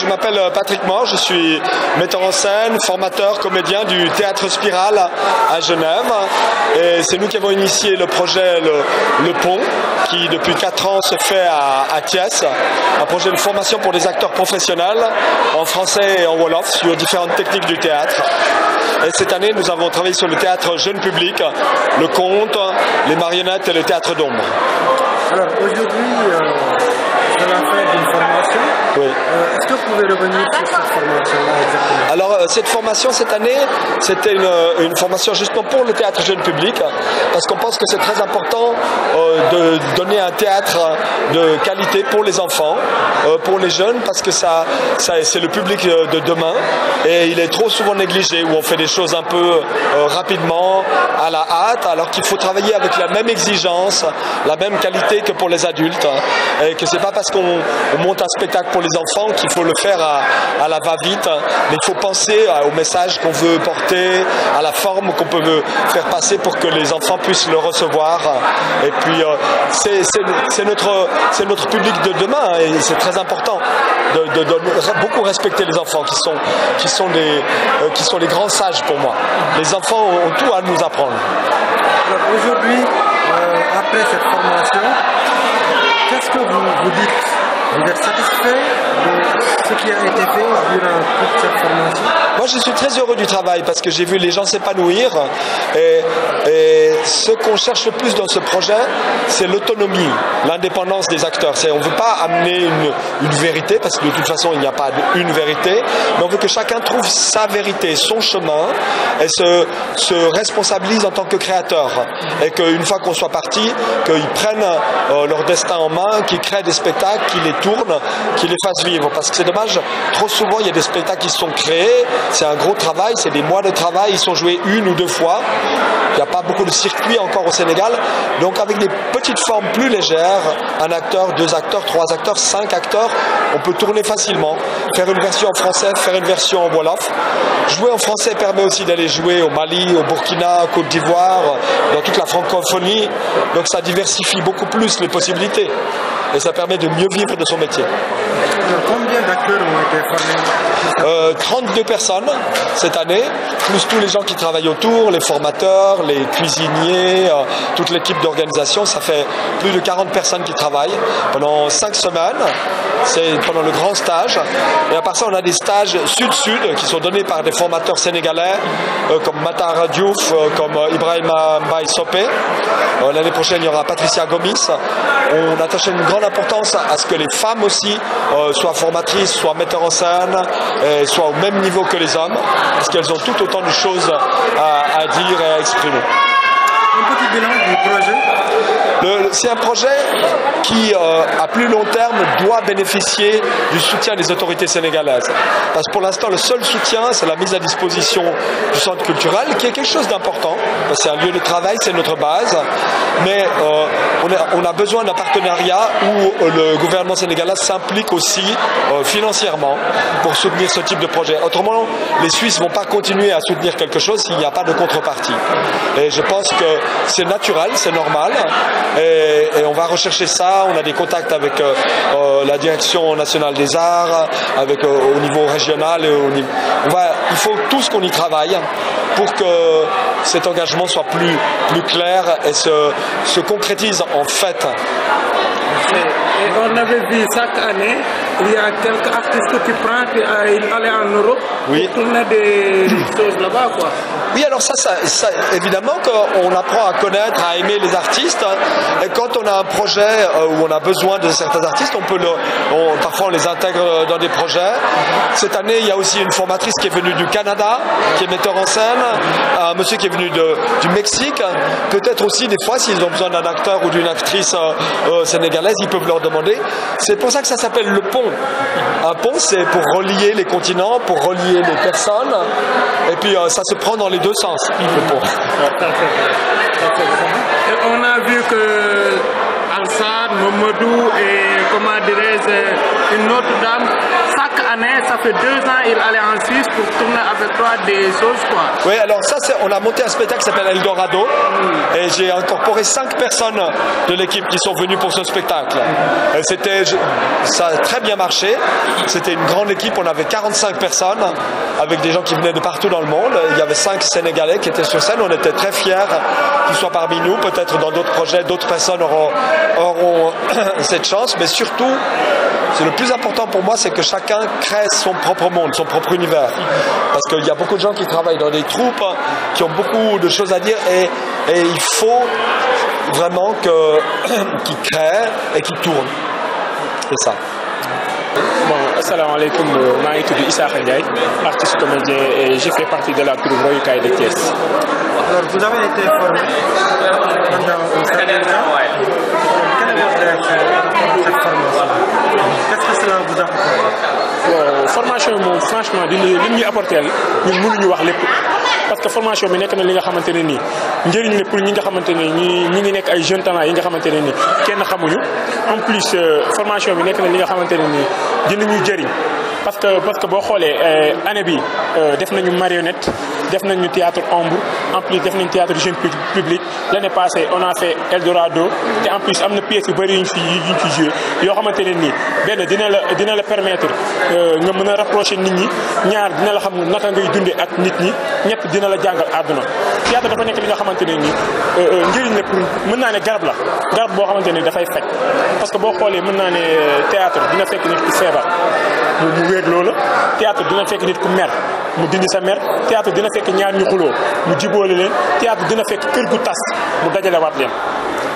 je m'appelle euh, Patrick Mort, je suis metteur en scène, formateur, comédien du Théâtre Spirale à Genève. Et c'est nous qui avons initié le projet le, Pont, qui depuis 4 ans se fait à, Thiès. Un projet de formation pour des acteurs professionnels en français et en wolof sur différentes techniques du théâtre. Et cette année, nous avons travaillé sur le théâtre jeune public, le conte, les marionnettes et le théâtre d'ombre. Alors aujourd'hui, euh, je faire une formation euh, est-ce que vous pouvez revenir ah, sur cette formation euh, Alors, euh, cette formation cette année, c'était une, formation justement pour le théâtre jeune public, parce qu'on pense que c'est très important de donner un théâtre de qualité pour les enfants, pour les jeunes, parce que ça, ça c'est le public de demain, et il est trop souvent négligé, où on fait des choses un peu rapidement, à la hâte, alors qu'il faut travailler avec la même exigence, la même qualité que pour les adultes, hein, et que c'est pas parce qu'on monte un spectacle pour les enfants qu'il faut le faire à, la va-vite, mais il faut penser au message qu'on veut porter, à la forme qu'on peut faire passer pour que les enfants puissent le recevoir. Et puis, euh, c'est notre, notre public de demain et c'est très important de, beaucoup respecter les enfants qui sont, qui, sont les, euh, qui sont les grands sages pour moi. Les enfants ont tout à nous apprendre. Aujourd'hui, euh, après cette formation, qu'est-ce que vous, vous dites vous êtes satisfait de ce qui a été fait au je suis très heureux du travail parce que j'ai vu les gens s'épanouir. Et, ce qu'on cherche le plus dans ce projet, c'est l'autonomie, l'indépendance des acteurs. on ne veut pas amener une, vérité parce que de toute façon, il n'y a pas une vérité, mais on veut que chacun trouve sa vérité, son chemin et se, se responsabilise en tant que créateur. Et qu'une fois qu'on soit parti, qu'ils prennent euh, leur destin en main, qu'ils créent des spectacles, qu'ils les tournent, qu'ils les fassent vivre. Parce que c'est dommage, trop souvent, il y a des spectacles qui sont créés c'est un gros travail, c'est des mois de travail, ils sont joués une ou deux fois. Il n'y a pas beaucoup de circuits encore au Sénégal. Donc avec des petites formes plus légères, un acteur, deux acteurs, trois acteurs, cinq acteurs, on peut tourner facilement. Faire une version en français, faire une version en Wolof. Jouer en français permet aussi d'aller jouer au Mali, au Burkina, Côte d'Ivoire, dans toute la francophonie. Donc ça diversifie beaucoup plus les possibilités. Et ça permet de mieux vivre de son métier. Combien d'acteurs ont été formés 32 euh, personnes cette année, plus tous les gens qui travaillent autour, les formateurs, les cuisiniers, euh, toute l'équipe d'organisation. Ça fait plus de 40 personnes qui travaillent pendant 5 semaines. C'est pendant le grand stage. Et à part ça, on a des stages sud-sud qui sont donnés par des formateurs sénégalais euh, comme Matara Diouf, comme Ibrahim Mbaye Sopé. L'année prochaine, il y aura Patricia Gomis. On attache une grande importance à ce que les femmes aussi soient formatrices, soient metteurs en scène, euh, soient au même niveau que les hommes, parce qu'elles ont tout autant de choses à, dire et à exprimer c'est un projet qui, euh, à plus long terme, doit bénéficier du soutien des autorités sénégalaises. Parce que pour l'instant, le seul soutien, c'est la mise à disposition du centre culturel, qui est quelque chose d'important. C'est un lieu de travail, c'est notre base. Mais euh, on, a, besoin d'un partenariat où euh, le gouvernement sénégalais s'implique aussi financièrement pour soutenir ce type de projet. Autrement, les Suisses ne vont pas continuer à soutenir quelque chose s'il n'y a pas de contrepartie. Et je pense que c'est naturel, c'est normal. Et et, on va rechercher ça. On a des contacts avec euh, euh, la direction nationale des arts, avec euh, au niveau régional. il faut tous qu'on y travaille pour que cet engagement soit plus, clair et se, concrétise en fait. on avait vu chaque année, il y a quelques artistes qui prennent, qui allaient en Europe oui. pour tourner des choses là-bas. Oui, alors ça, ça, évidemment, évidemment on apprend à connaître, à aimer les artistes. Et quand on a un projet euh, où on a besoin de certains artistes, on peut le, parfois on les intègre dans des projets. Cette année, il y a aussi une formatrice qui est venue du Canada, qui est metteur en scène, un monsieur qui est venu de, du Mexique. Peut-être aussi des fois, s'ils ont besoin d'un acteur ou d'une actrice euh, euh, sénégalaise, ils peuvent leur demander. C'est pour ça que ça s'appelle le pont. Un pont, c'est pour relier les continents, pour relier les personnes. Et puis ça se prend dans les deux sens. Il faut bon. Euh, on a vu que al Momodou et, comment dirais-je, une autre dame, ça ça fait deux ans, il allait en Suisse pour tourner avec toi des choses, quoi. Oui, alors ça, on a monté un spectacle qui s'appelle Eldorado. Dorado. Et j'ai incorporé cinq personnes de l'équipe qui sont venues pour ce spectacle. C'était, ça a très bien marché. C'était une grande équipe. On avait 45 personnes avec des gens qui venaient de partout dans le monde. Il y avait cinq Sénégalais qui étaient sur scène. On était très fiers qu'ils soient parmi nous. Peut-être dans d'autres projets, d'autres personnes auront cette chance. Mais surtout, c'est le plus important pour moi, c'est que chacun crée son propre monde, son propre univers. Parce qu'il y a beaucoup de gens qui travaillent dans des troupes, hein, qui ont beaucoup de choses à dire, et, il faut vraiment qu'ils créent et qu'ils tournent. C'est ça. Bon, assalamu alaikum, je suis Issa Ndiaye, artiste comédien et j'ai fait partie de la troupe et de Thiès. Alors, vous avez été formé formation moom franchement di li lim ñu apporter ñun mënuñu wax lépp parce que formation bi nekk na li nga xamante ne nii njëriñ la pour ñi nga xamante ne ñi ñi ngi nekk ay jeune talent yi nga xamante ne nii kenn xamuñu en plus formation bi nekk na li nga xamante ne nii dinañu jëriñ parce que parce que bo xolé euh année bi euh def nañu marionnette def nañu théâtre ombre en plus def nañu théâtre jeune public l'année passée on a fait Eldorado te en plus amna pièce yu bari yuñ ci yuñ ci joué yo xamanténi ni ben dina la dina la permettre euh nga mëna rapprocher nit ñi ñaar dina la xam naka ngay dundé ak nit ñi ñet dina la jàngal aduna théâtre dafa nek li nga xamanténi ni euh njëriñ nek pour mën naa ne garab la garab bo xamanténi da fay faj parce que bo xolé mën naa ne théâtre dina fekk nit ci sébar wéet loola théâtre dina fekk nit ku mer mu dindi sa mer théâtre dina fekk ñaar ñu xuloo mu jibóole leen théâtre dina fekk kër gu tas mu dajalewaat leen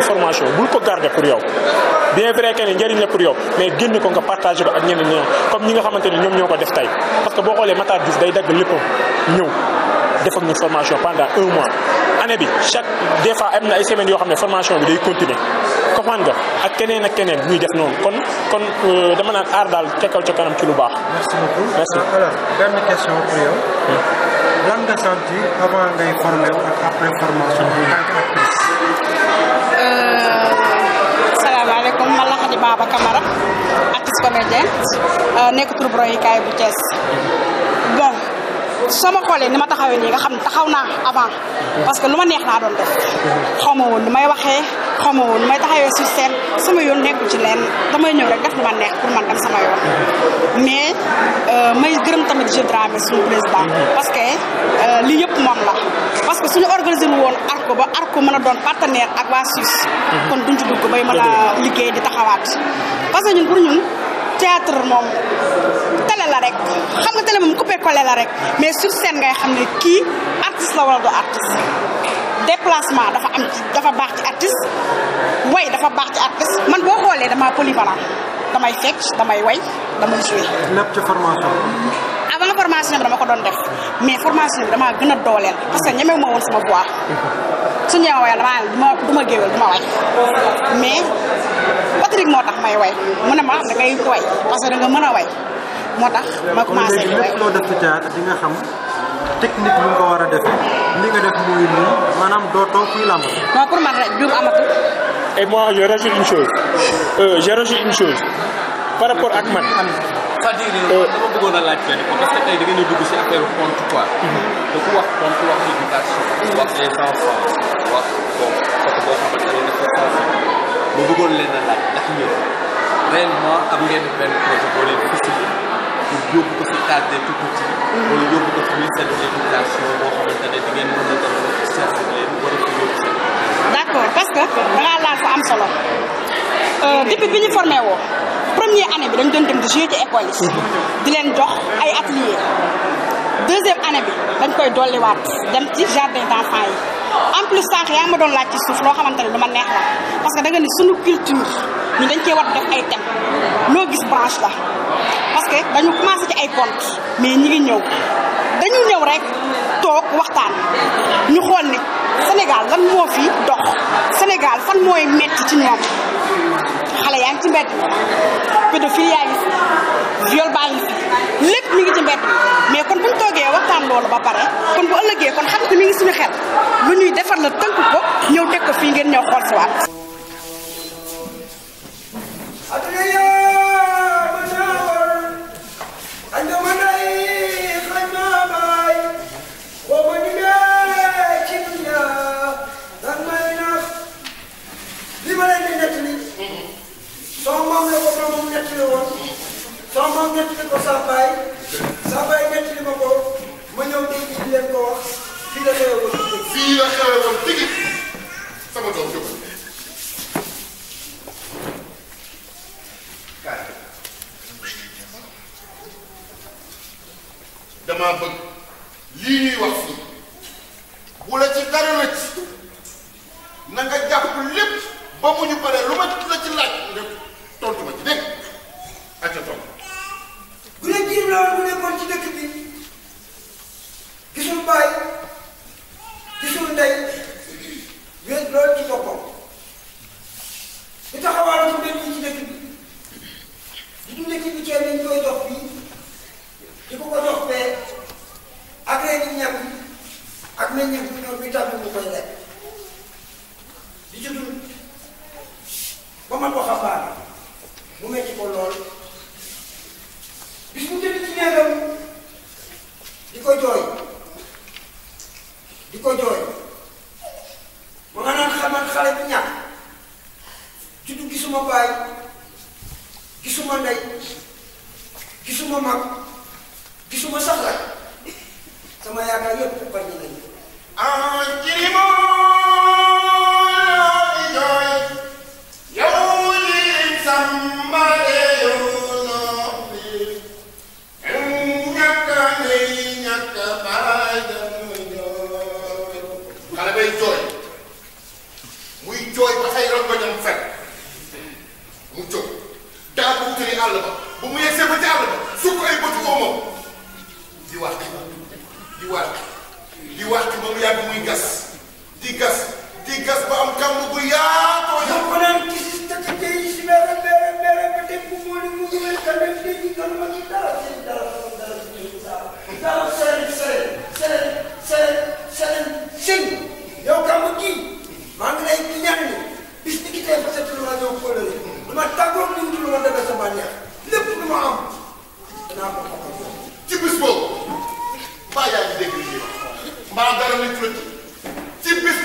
information bul ko garder yow bien vrai que ne la pour yow mais génn ko nga partagé ko ak ñeneen ñi ñoom ñoo ko def tey parce que boo xoolee Matar Diouf day dagg léppam ñëw def ak formation pendant un mois année bi chaque des am na ay semaines yoo xam ne formation bi day continuer comprendre nga ak keneen ak keneen ñuy def noonu kon kon euh, dama naan aar daal ca kaw ca kanam ci lu baax. Baba Camara artiste comédien euh, nekk troupe royukaay bu Thiès bon sama xoolee ni ma taxawee nii nga taxaw naa avant parce que lu ma neex naa doon def xaw ma woon lu may waxee xaw ma woon lu may taxawee sur sama yoon nekkul ci leen damay ñëw rek def lu ma neex pour man dem sama yoon mais euh, may gërëm tamit Dramé suñu président parce que euh, li yëpp moom la parce que suñu organisé wu woon ARCO ba ARCO mën a doon partenaire ak waa Suisse. Mhm. kon duñ ci dugg bay mën a liggéey di taxawaat parce que ñun pour ñun théâtre moom télé la rek xam nga télé moom coupé collé la rek mais sur scène ngay xam ne kii artiste la wala du artiste déplacement dafa am ci dafa baax ci artiste way dafa baax ci artiste man boo xoolee dama polyvalent damay fecc damay way damay joué. lépp ci formation. formation bi dama ko don def mais formation bi dama gëna dolel parce que ñame mo won sama voix su ñeewa way dama duma duma géwél duma way mais Patrick motax may way mu ne ma da ngay way parce que da nga mëna way motax ma commencé way lo def ci jaar di nga xam technique bu nga wara def li nga def moy ni manam doo toog kuy lamb ma pour man rek juum amatu et moi je rajoute une chose euh, je rajoute une chose par rapport à man c'est-à-dire dama bëggoon a laaj kenn ko parce que tey dugg si affaire compte quoi. Mhm. da wax compte wax éducation. wax les enfants wax bon côté boo xamante ne dafa sensibiliser. ma bëggoon leen a laaj ndax ñëw réellement am ngeen benn projet boo leen ko si case des tout petits. Mhm. wala yóbbu ko si ministère de l'éducation boo ne di ngeen mën a dem sensibiliser war a ko yóbbu seen. d'accord parce que laal fa am solo. Euh, depuis bi ñu formé première année bi dañ doon dem di jouer ci école yi. Mhm. di leen jox ay atelier deuxième année bi dañ koy dolliwaat dem ci jardin d'enfants yi en plus sànq yaa ma doon laaj ci suuf loo xamante ne dama neex la parce que da nga ni sunu culture ñu dañ cee war def ay thèmes loo gis branche la parce que dañu commencé ci ay contes mais ñi ngi ñëw dañu ñëw rek toog waxtaan ñu xool ni Sénégal lan moo fi dox Sénégal fan mooy metti ci ñoom. yaa ngi ci mbedd pédophile yaa ngi fi viol baa ngi fi lépp mi ngi ci mbedd mais kon bu ñu toogee waxtaan loolu ba pare kon bu ëllëgee kon xam ne mi ngi suñu xel lu ñuy defar la tënk ko ñëw teg ko fii ngeen ñëw xool si waat sama maam nettali ko saa baay saa baay ma ko ma ñëw dégg di ko wax fii la xewe woon fii sama doom jógal kaay damaa bëgg lii ñuy wax fii bu la ci dara la ci na nga jàpp lépp ba mu ñu paree lu ma la ci laaj nga tontu ma ci dégg acca tontu bu ne jirim la woon bu nekkoon ci dëkk bi gisul baay gisul ndey wéet loolu ci boppam di taxawaalu su benn ci dëkk bi di dundee bi kenn dañ koy jox bi di ko ko jox bee ak reen yi ñàkk ak meññeef bi ñoom bi tàmm mu koy lekk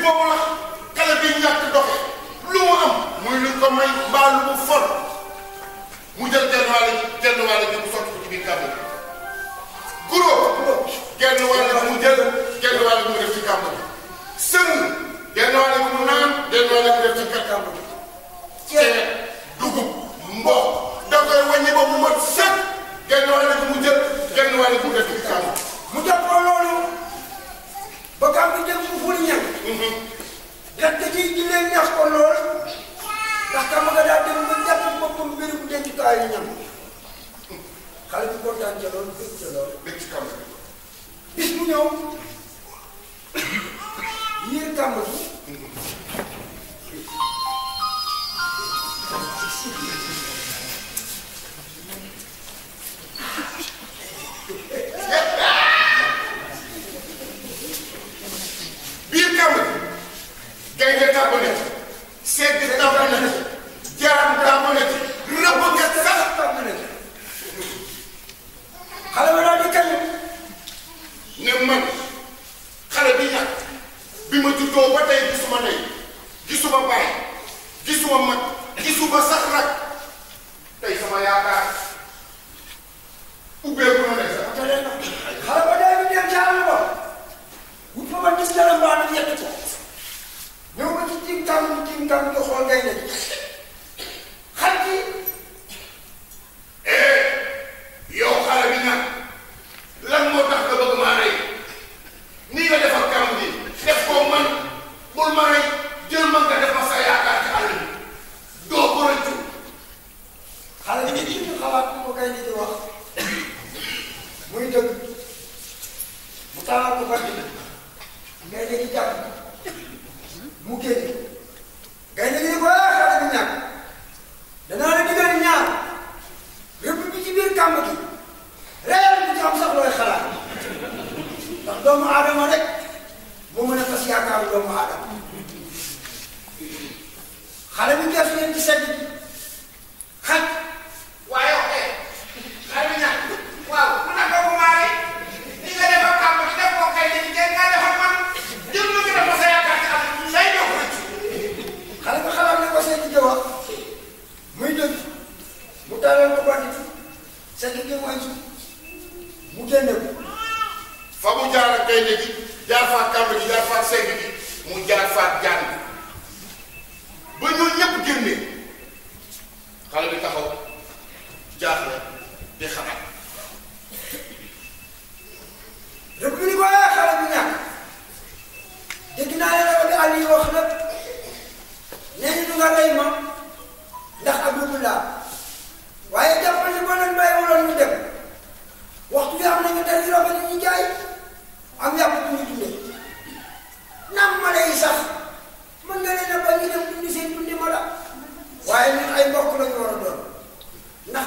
boobu la xale bi ñàkk doxe lu mu am muy lu ko may mbaa lu mu for mu jël genn wàll genn wàll bi mu sotti ko ci biir kàmb bi guro genn wàll mu jël genn wàll mu def ci kàmb bi sëñ genn wàll mu naan genn wàll mu def ci kàmb kàmb bi ceeb dugub mboq da koy wàññi ba mu mot set genn wàll mu jël genn wàll mu def ci kàmb mu jàpp loolu ba gàmm jëm bu ful ñàkk. gerte gi ji ñax ko lool ndax gàmm nga daa dem ba jàpp boppam mbirum dencukaayu ñam xale bi kontaan ca lool bëgg ca lool. bëgg ci kàmm gi. bis mu ñëw yiir kàmm gaynde tàbb na ci segg tàbb na ci jaam tàbb na ci rëbbkat sax tàbb na ci ba daal di kañ ne man xale bi yàq bi ma juddoo ba tey gisuma tey gisuma baay gisuma mag gisuma sax rak tey sama yaakaar ubbeeku na ne sax ba daal di dem ca àll ba wut fa ba gis dara mbaa di yett ko ñëw ba ci tiim tàng bi tiim tàng bi nga xool ngay nekk xar gi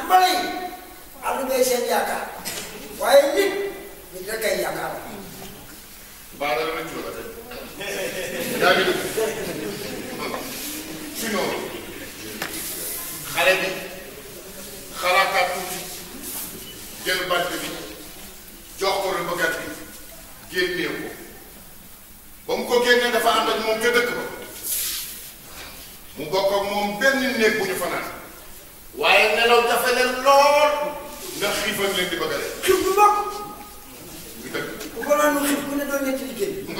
bari àll bi seen yaakaar waaye nit nit kay yaakaar. baax na dama jóg yaa ngi dugg sinon xale bi xalaataat tuuti jël bant bi jox ko rëbbkat bi génnee ko ba mu ko génnee dafa ànd ak moom ca ba mu bokk moom benn néeg fanaan waaye nelaw jafe leen lool ndax xiif ak leen di bëgg a dee. xiif bu mu ne doo nekk liggéey. doo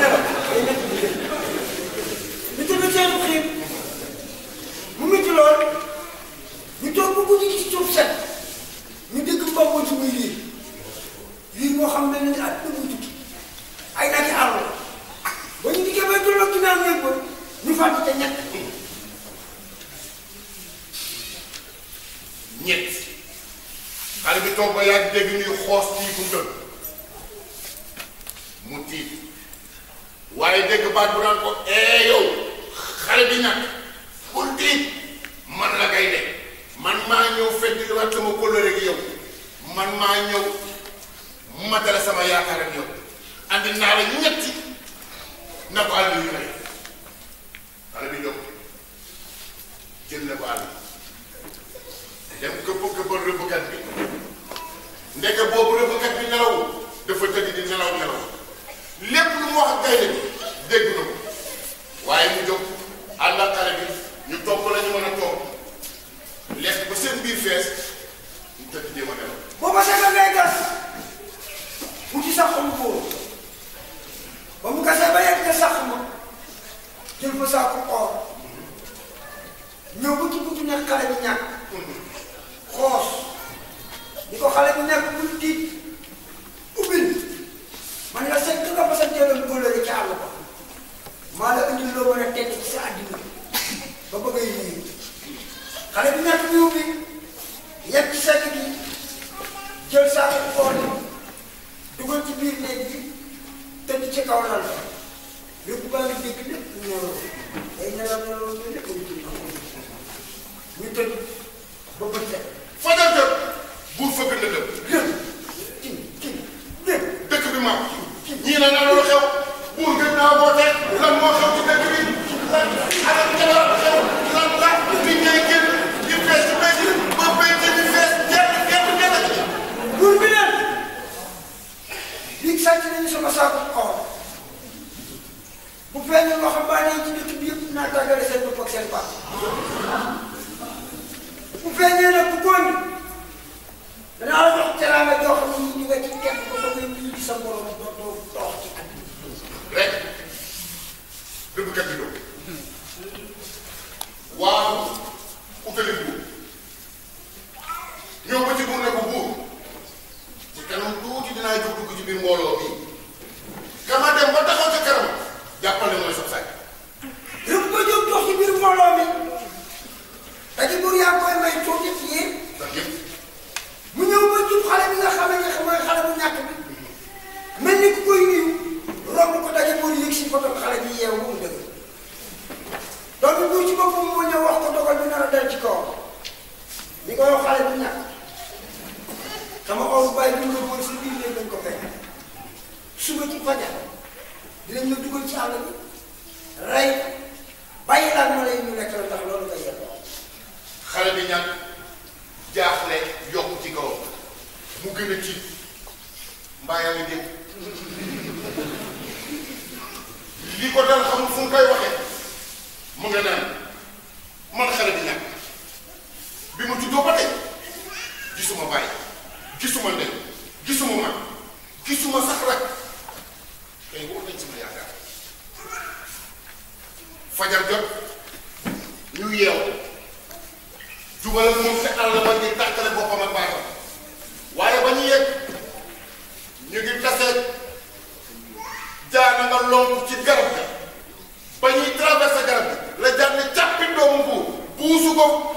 nelaw day nekk liggéey. ñu mu métti lool ñu toog ba guddi ci suuf set ñu dégg mbokku ci muy lii moo xam ne ni at bi muy ay naaj yu àll ba ñu dikkee ba ñu toll ak ginnaaw ñu fàtte ca ñett. ñett xale bi toog ba yàgg dégg ñuy xoos ci buntam mu tiit waaye dégg baat bu naan ko ee eh, xale bi nag bul tiit man la kay def man maa ñëw fekk waat sama kóllëre gi yow man maa ñëw matala sama yaakaar ak yow andi naa la ñetti na ko àll yu may xale bi jóg jël ko àll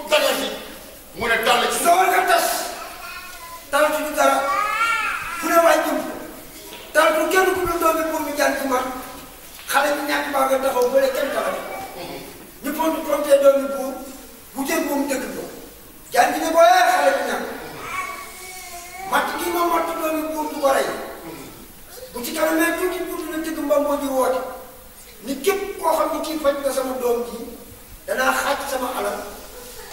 dagar ji mu ne dàll ci. soo ko tas talatu ñu dara fu ne waay jëm talatu kenn ku dul doomi pour mu jàng buur bu jël moom dëkk ko jàng ne booyee xale bi ñàkk matt kii ma matt doomi buur du ko rey bu ci kanamee tuuti tuuti na dëgg mbam moo ji woote ni képp koo xam ne kii faj na sama doom ji danaa xaaj sama alal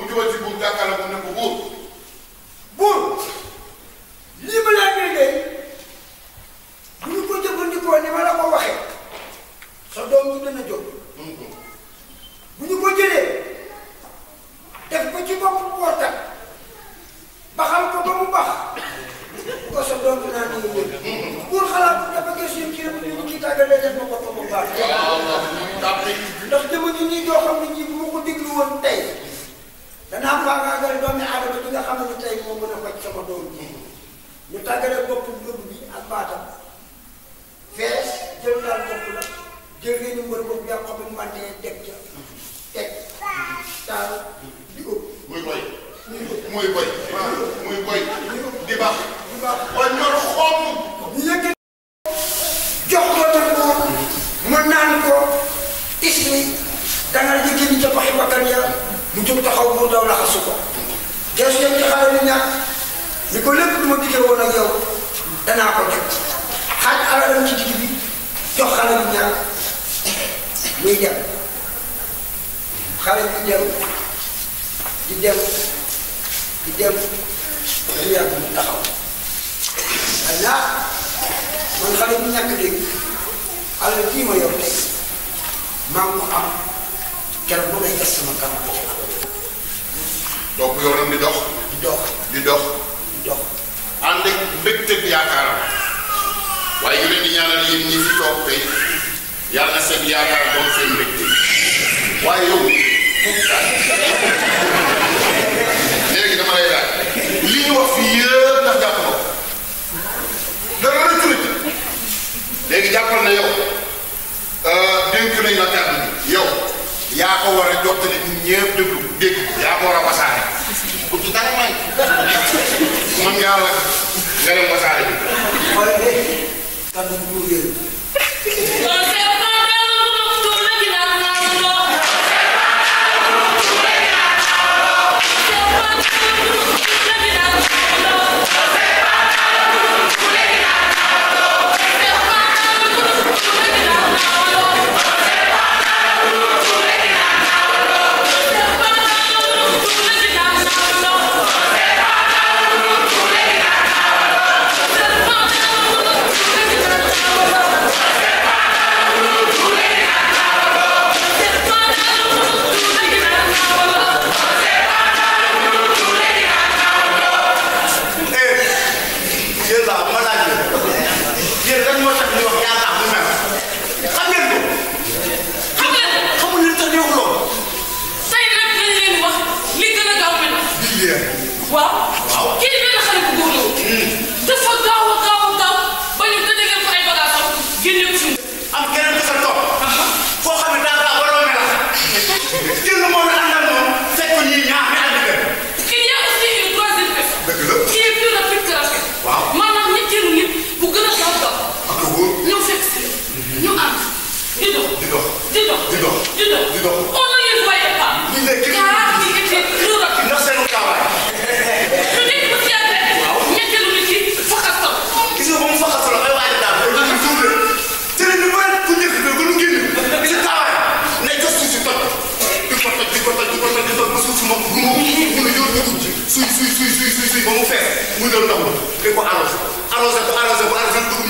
mu jubal ci buur jàkkaarloo ko ne ko buur buur li ma laa déggee bu ñu ko jëfandikoo bu ñu ko jëlee def ko ci bopp waxtaan baxal ko ba mu bax bu ko sa doom bi naan ñu wër buur xalaat bu dafa gis yéen kii rek def ma ko ba mu baax ndax dama ñu nii doo xam ne ji bu ma ko déglu woon tey danaa faagaagal doomi aadama bi nga xam ne tey moo mën a faj sama doom ñu tàggale bopp lëbu bi ak baatam fees jël daal jël ngeen mbër boobu yaa ko bi mantee teg ca teg taal di ëpp muy boy muy boy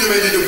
время не люблю.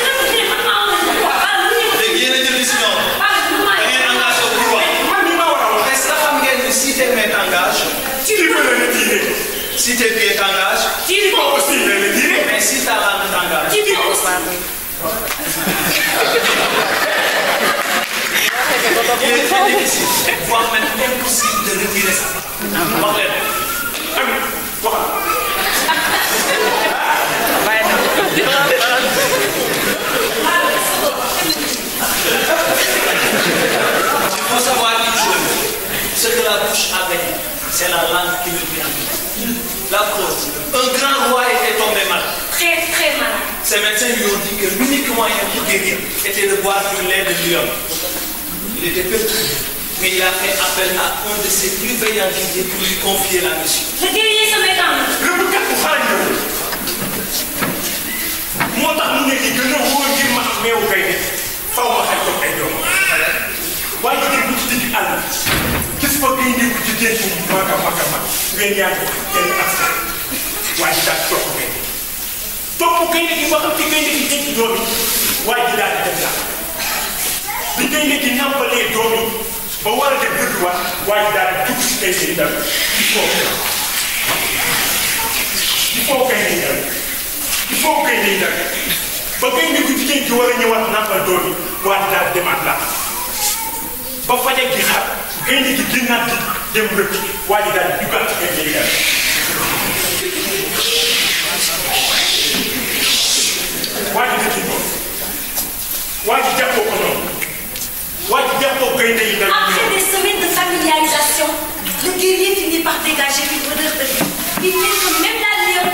Si tes pieds t'engagent, pas aussi Mais si ta t'engage, c'est Il est très difficile, voire même impossible de retirer ça. Tu savoir ce que la bouche a c'est la langue qui le dit la preuve, un grand roi était tombé malade. Très, très malade. Ses médecins lui ont dit que l'unique moyen pour guérir était de boire du lait de l'homme. Il était perdu. Mais il a fait appel à un de ses plus veillants guerriers pour lui confier la mission. Le guerrier se met en Le moo tax mu ne li gën a wóor ci qu'il au kay faw ma xel ko ay doom waaye vous bu ci tëj àll fa ngay dégg ci géej gi mag a mag waaye ji daal topp gaynde topp gaynde gi ba gi denc waaye ji daal di dem làq bi gaynde gi nàmpalee doom yi ba war a dem rëdduwaat waaye ji daal di dugg si gaynde gi foofu dal di foofu gaynde gi dal di foofu gaynde gi dal ba gaynde gi jigéen gi war a ñëwaat nàmpal doom yi waaye ji daal demaat làq ba fajar gi après des semaines de familiarisation le guerrier finit par dégager une odeur de vie Il fait que même la lune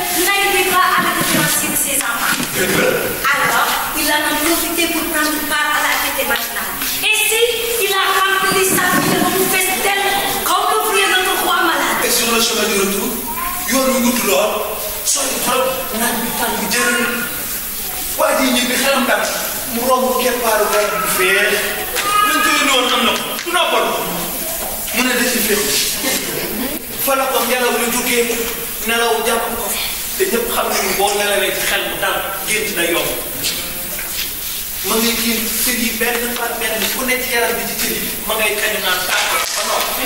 pas à la de ses enfants alors il a profité pour prendre part à la fête matinale si il a rempli nekkee sur le chemin du retour yoon wi gudd lool sooy trop naaj bi tàng bi mu romb keppaaru garab bu feex lañ ko yónni mu ne def fa ngelaw li duggee nelaw jàpp ko te ñëpp xam nañu boo nelawee ci xel bu dal gént na yomb ma ngay génn cër yi benn par benn ku nekk yaram bi ci cër yi ma ngay kañu naan tàkk ba noppi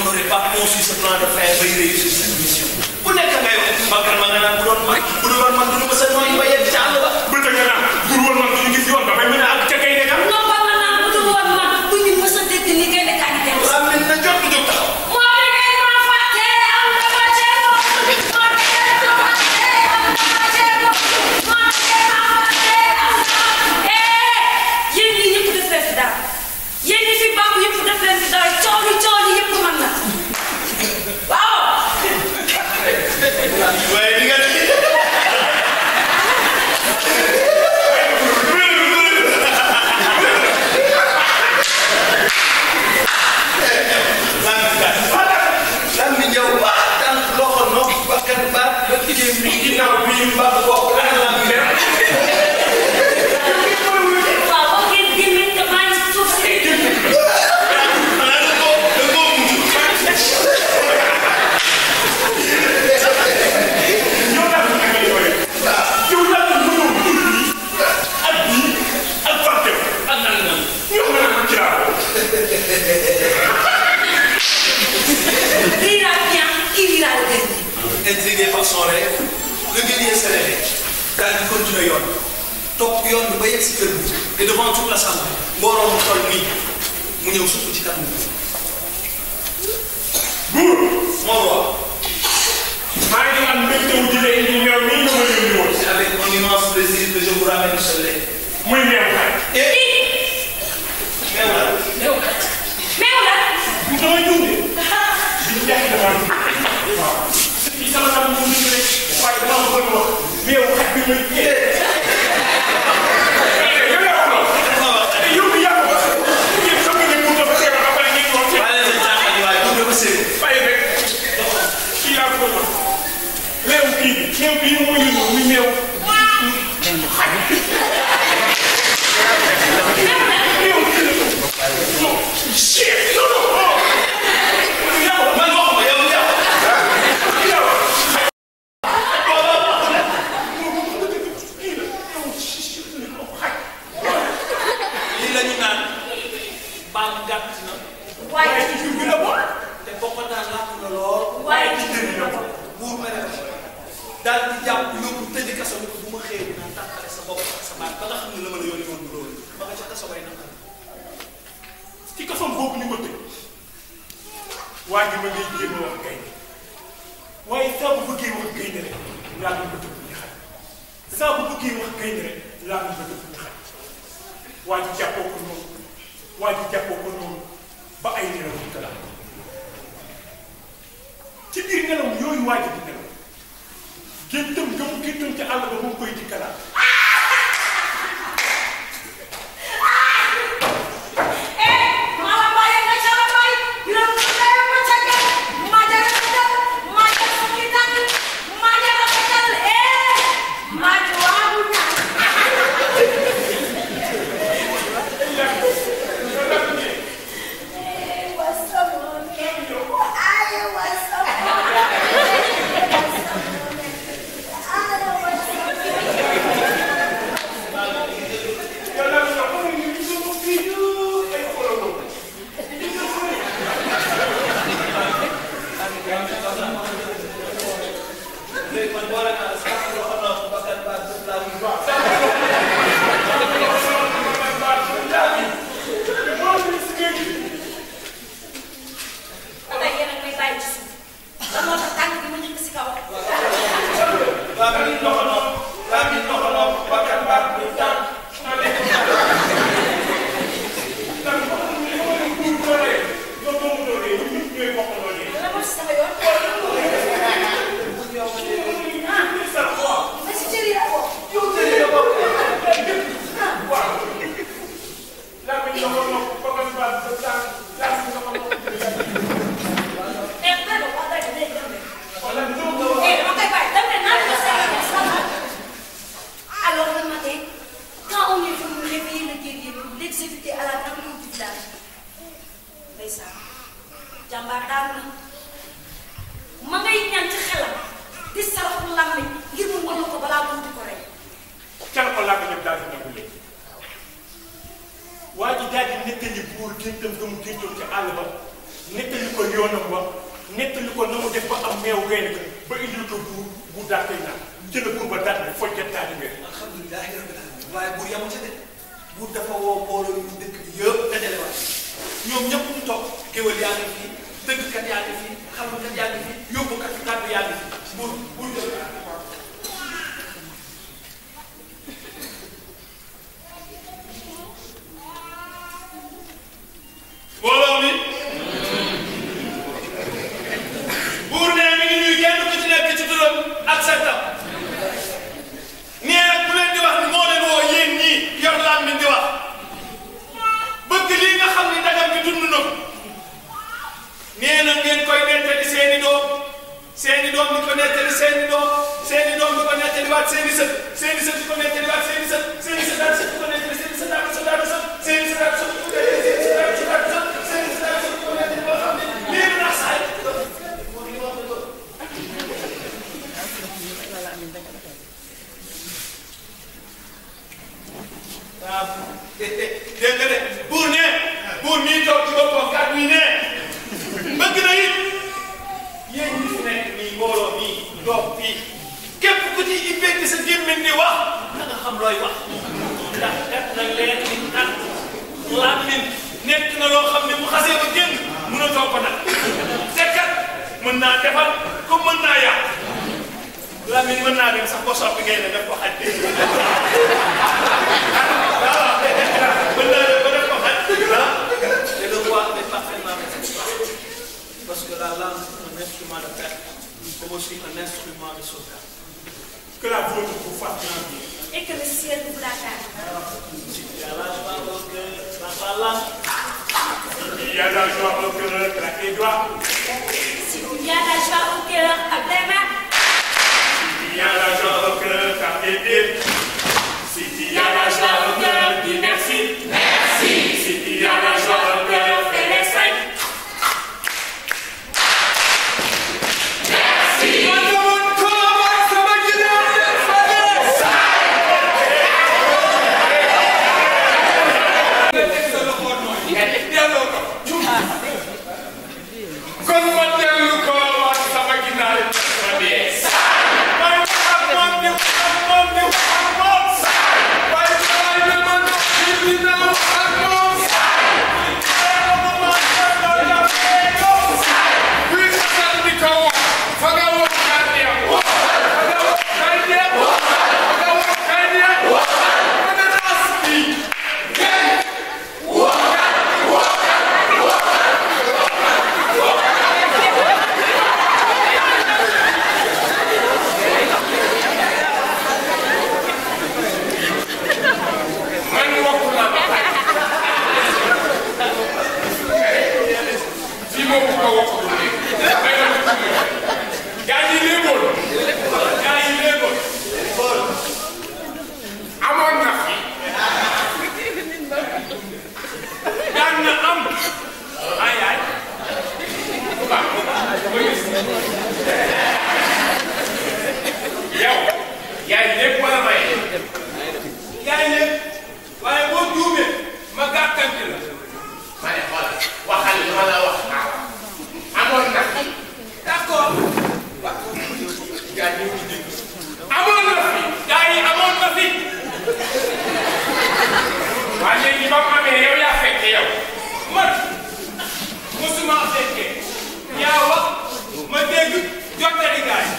on n'aurait a conçu ce plan de fer bay réussir cette mission bu nekk nga yow Bakar ma nga naan bu doon man bu doon man du ñu mës a nooy ba yegg ci àll ba bu tëj nga naan bu doon man du ñu gis yoon ba may mën a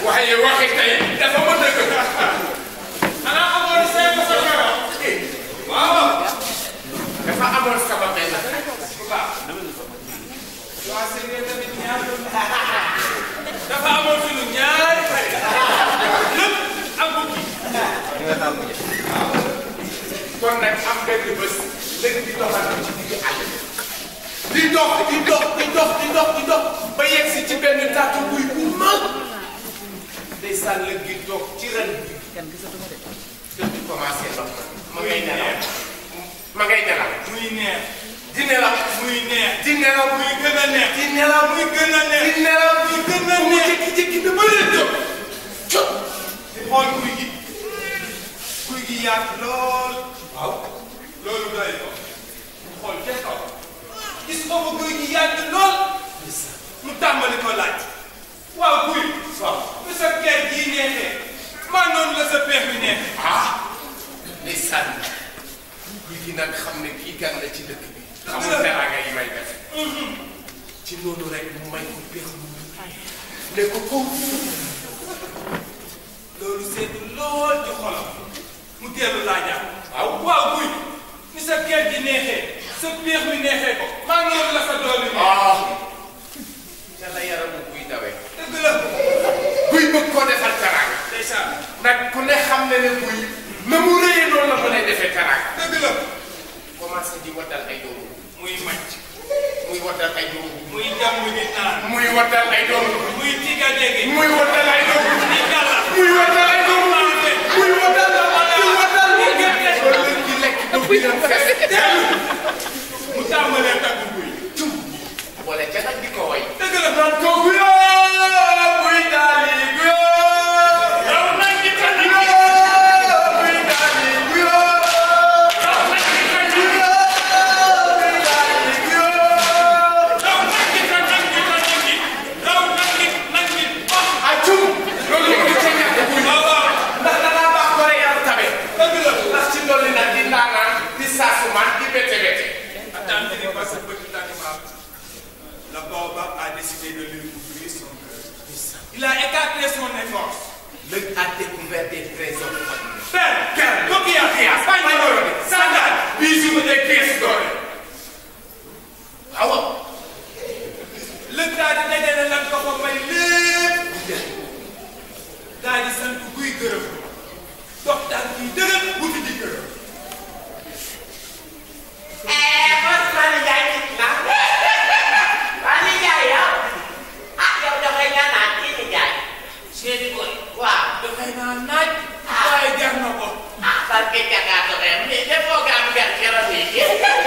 waaye waxi tey dafa mën a gën xanaa amoon seen sa jabar waaw dafa amoon sama benn bu baax waa Sénégal tamit ñaar dafa di doxal di dox di dox di dox di dox di dox ba si ci benn tàttu buy sànni gi toog ci ren bi. kenn gisatu ma de. kër gi commencé dox ma ngay nelaw ma ngay nelaw muy neex. di nelaw muy neex. di nelaw muy gën a neex. di nelaw muy gën a neex. di nelaw muy gën a neex. jékki-jékki bi bële jóg jóg. di xool kuy gi kuy gi yaatu lool. waaw loolu doy ko. di xool ca kaw. gis nga ko kuy gi yaatu lool. mu tàmbali ko laaj. waaw kuy. waaw lu sa peex gii neexee maa noonu la sa peex bi neexee. ah day sànni gi nag xam ne kii gan la ci dëkk bi. xamul teraanga yi may def. Mm-hmm. ci noonu rek mu may ko peex mu ne ko ko loolu seetu lool ci xolam mu dellu laa jàpp. waaw waaw kuy. ni sa peex gi neexee sa maa ngi. naa naaj. waaye jar na ko. parce ah, que jakaar dafay am mais il faut que am gerte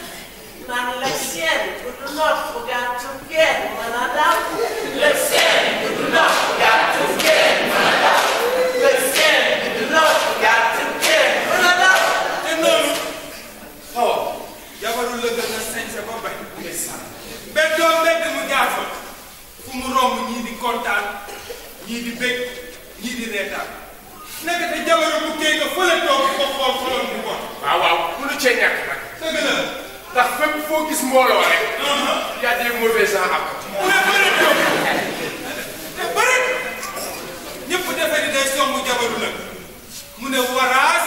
naan e oh, le ciel bu du ndox bu gàttu geen mën a daw. le ciel bu du ndox bu gàttu geen mën a daw. le ciel bu du ndox bu gàttu geen mën a daw. te noonu xaw a jabaru lëgër na sañse ba bañ ngay sànn. beddoo mbedd mu jaar fa fu mu romb ñii di kontaan ñii di bég ñii di reetaan nekk te jabaru bu kéy nga fële toog ko xool xooloon bu bon. waaw waaw mënu cee ñàkk nag. dëgg la. ndax fépp foo gis mbooloo rek uh-huh. y a des mauvais gens à côté. te bëri ñëpp defe ni day somb jabaru nag mu ne waraas.